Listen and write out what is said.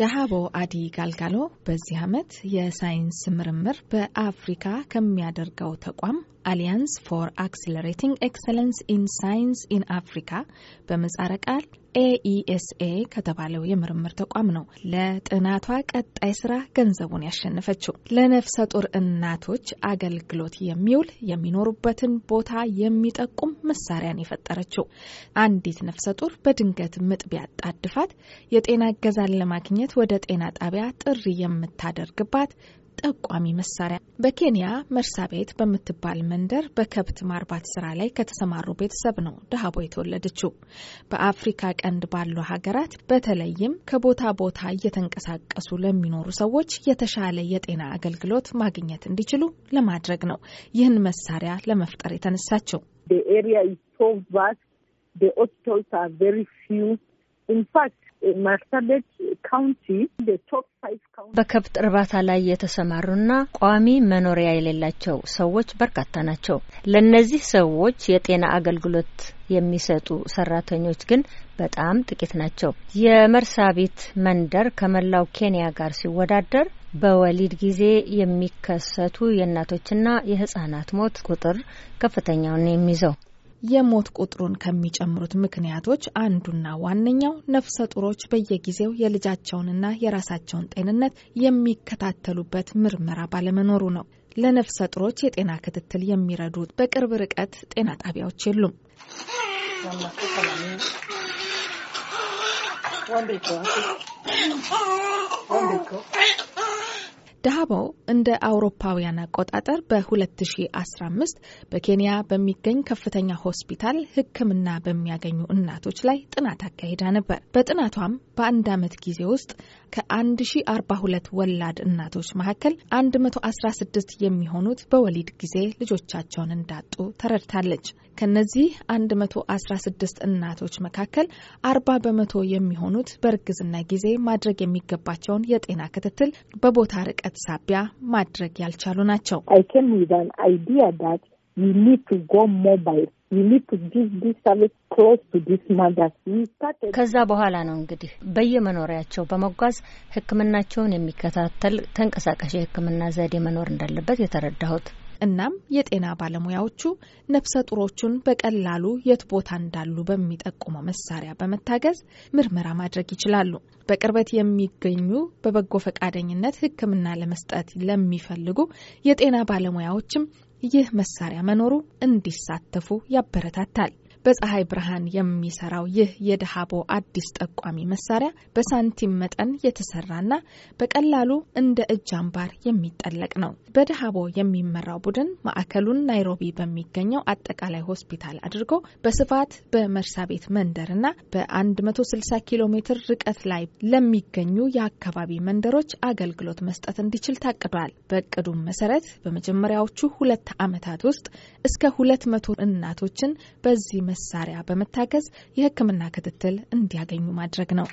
ደሃቦ አዲ ጋልጋሎ በዚህ ዓመት የሳይንስ ምርምር በአፍሪካ ከሚያደርገው ተቋም አሊያንስ ፎር አክሰለሬቲንግ ኤክሰለንስ ኢን ሳይንስ ኢን አፍሪካ በምህጻረ ቃል ኤኢኤስኤ e ከተባለው የምርምር ተቋም ነው ለጥናቷ ቀጣይ ስራ ገንዘቡን ያሸነፈችው። ለነፍሰ ጡር እናቶች አገልግሎት የሚውል የሚኖሩበትን ቦታ የሚጠቁም መሳሪያን የፈጠረችው አንዲት ነፍሰ ጡር በድንገት ምጥ ቢያጣድፋት የጤና እገዛን ለማግኘት ወደ ጤና ጣቢያ ጥሪ የምታደርግባት ጠቋሚ መሳሪያ በኬንያ መርሳ ቤት በምትባል መንደር በከብት ማርባት ስራ ላይ ከተሰማሩ ቤተሰብ ነው ደሃቦ የተወለደችው። በአፍሪካ ቀንድ ባሉ ሀገራት በተለይም ከቦታ ቦታ እየተንቀሳቀሱ ለሚኖሩ ሰዎች የተሻለ የጤና አገልግሎት ማግኘት እንዲችሉ ለማድረግ ነው ይህን መሳሪያ ለመፍጠር የተነሳቸው። በከብት እርባታ ላይ የተሰማሩና ቋሚ መኖሪያ የሌላቸው ሰዎች በርካታ ናቸው። ለእነዚህ ሰዎች የጤና አገልግሎት የሚሰጡ ሰራተኞች ግን በጣም ጥቂት ናቸው። የመርሳቢት መንደር ከመላው ኬንያ ጋር ሲወዳደር በወሊድ ጊዜ የሚከሰቱ የእናቶችና የህጻናት ሞት ቁጥር ከፍተኛውን የሚይዘው የሞት ቁጥሩን ከሚጨምሩት ምክንያቶች አንዱና ዋነኛው ነፍሰ ጡሮች በየጊዜው የልጃቸውንና የራሳቸውን ጤንነት የሚከታተሉበት ምርመራ ባለመኖሩ ነው። ለነፍሰ ጡሮች የጤና ክትትል የሚረዱ በቅርብ ርቀት ጤና ጣቢያዎች የሉም። ዳሃባው እንደ አውሮፓውያን አቆጣጠር በ2015 በኬንያ በሚገኝ ከፍተኛ ሆስፒታል ሕክምና በሚያገኙ እናቶች ላይ ጥናት አካሂዳ ነበር። በጥናቷም በአንድ ዓመት ጊዜ ውስጥ ከ1042 ወላድ እናቶች መካከል 116 የሚሆኑት በወሊድ ጊዜ ልጆቻቸውን እንዳጡ ተረድታለች። ከነዚህ 116 እናቶች መካከል 40 በመቶ የሚሆኑት በእርግዝና ጊዜ ማድረግ የሚገባቸውን የጤና ክትትል በቦታ ርቀት በግጭት ሳቢያ ማድረግ ያልቻሉ ናቸው። ከዛ በኋላ ነው እንግዲህ በየመኖሪያቸው በመጓዝ ሕክምናቸውን የሚከታተል ተንቀሳቃሽ የሕክምና ዘዴ መኖር እንዳለበት የተረዳሁት። እናም የጤና ባለሙያዎቹ ነፍሰ ጡሮቹን በቀላሉ የት ቦታ እንዳሉ በሚጠቁመው መሳሪያ በመታገዝ ምርመራ ማድረግ ይችላሉ። በቅርበት የሚገኙ በበጎ ፈቃደኝነት ሕክምና ለመስጠት ለሚፈልጉ የጤና ባለሙያዎችም ይህ መሳሪያ መኖሩ እንዲሳተፉ ያበረታታል። በፀሐይ ብርሃን የሚሰራው ይህ የድሃቦ አዲስ ጠቋሚ መሳሪያ በሳንቲም መጠን የተሰራና በቀላሉ እንደ እጅ አምባር የሚጠለቅ ነው። በድሃቦ የሚመራው ቡድን ማዕከሉን ናይሮቢ በሚገኘው አጠቃላይ ሆስፒታል አድርጎ በስፋት በመርሳ ቤት መንደርና በ160 ኪሎ ሜትር ርቀት ላይ ለሚገኙ የአካባቢ መንደሮች አገልግሎት መስጠት እንዲችል ታቅዷል። በእቅዱም መሰረት በመጀመሪያዎቹ ሁለት ዓመታት ውስጥ እስከ ሁለት መቶ እናቶችን በዚህ መሳሪያ በመታገዝ የሕክምና ክትትል እንዲያገኙ ማድረግ ነው።